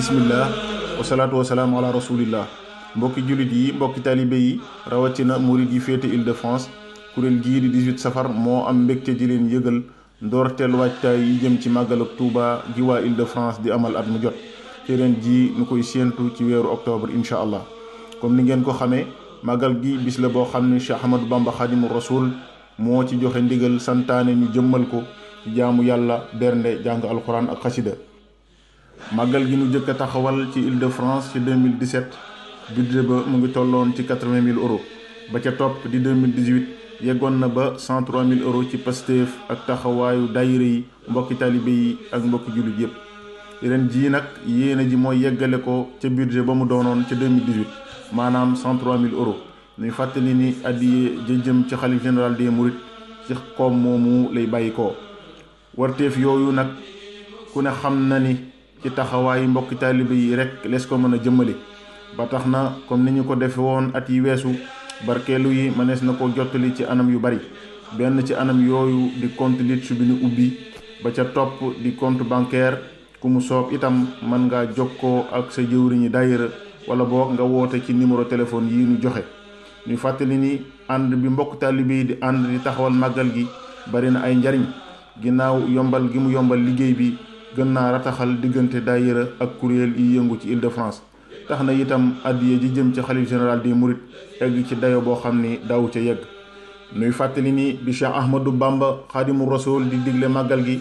bismillah wasalaatu wasalaam ala rasulillah mbokki jullit yi mbokki taalibe yi rawatina murid yi féete Île de France kuréel gii di 18 safar moo am mbégte di leen yëgal ndoorteel waajtaay yi jëm ci màggal ak Touba gi waa Île de France di amal at mu jot te ji nu koy séentu ci weeru octobre incha allah comme ni ngeen ko xamee màggal gi bis la boo xam ne Cheikh Ahmadou Bamba Khadimu Rasoul moo ci joxe ndigal santaane ñu jëmmal ko ci jaamu yàlla bernde jàng alxuraan ak màggal gi nu jëkk a taxawal ci Île de France ci 2017 budget ba mu ngi tolloon ci 80 000 euros ba ca topp di 2018 yeggoon na ba 103 000 euros ci Pastef ak taxawaayu daayira yi mbokki taalibe yi ak mbokki jullit yépp ren jii nag yéene ji mooy yeggale ko ca budget ba mu doonoon ca 2018 maanaam 103 000 euros ñuy fàttali ni addiye ja jëm ci xalif général des mourides ci koom moomu lay bàyyi ko warteef yooyu nag ku ne xam na ni ci taxawaayu mbokki taalibe yi rek les ko mën a jëmmale ba tax na kon ni ñu ko defe woon at yi weesu barkellu yi mënees na ko jottali ci anam yu bari benn ci anam yooyu di compte litre bi ñu ubbi ba ca topp di compte bancaire ku mu soob itam mën ngaa ko ak sa jëwriñi daayira wala boog nga woote ci numéro téléphone yi ñu joxe ñu fàttali ni ànd bi mbokk taalibe yi di ànd di taxawal màggal gi bari na ay njariñ ginnaaw yombal gi mu yombal liggéey bi gën naa rataxal diggante daayira ak kuréel yi yëngu ci il de france tax na itam addiya ji jëm ci xalif général di murit egg ci dayo boo xam ni daawu ca yegg nuy fàttali ni bi Cheikh Ahmadou Bamba xaadimu di digle màggal gi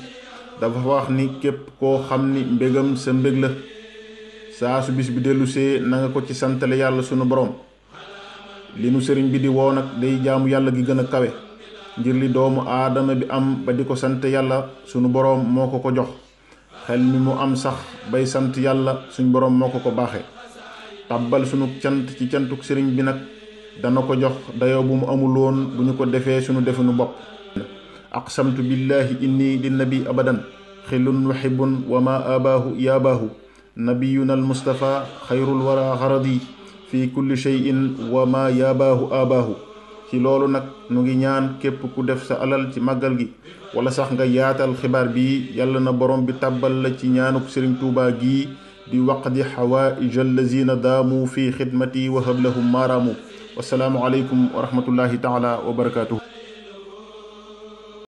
dafa wax ni képp koo xam ni mbégam sa mbég la saa su bis bi dellusee na nga ko ci santale yàlla sunu borom limu nu sëriñ bi di woo nag day jaamu yàlla gi gën a kawe ngir li doomu aadama bi am ba di ko sant yàlla sunu boroom moo ko ko jox xel mi mu am sax bay sant yàlla suñ borom moo ko ko baaxe tàbbal sunu cant ci cantuk sëriñ bi nag dana ko jox dayoo bu mu amul woon bu ko defee sunu definu bopp aqsamtu billahi inni li nabi abadan xilun waxibun wa ma abaahu yaabaahu nabiyuna almustafa xayrul wara xaradi fi kulli cheyin wa ma yaabaahu aabaahu ci loolu nag nu ngi ñaan képp ku def sa alal ci màggal gi wala sax nga yaatal xibaar bi yàlla na borom bi tàbbal la ci ñaanuk sëriñ tuubaa gi di waqdi xawaaij allazina daamu fi xidmati wa hablahum maaraamu wasalaamu aleykum wa rahmatullahi taala wa barakaatuhu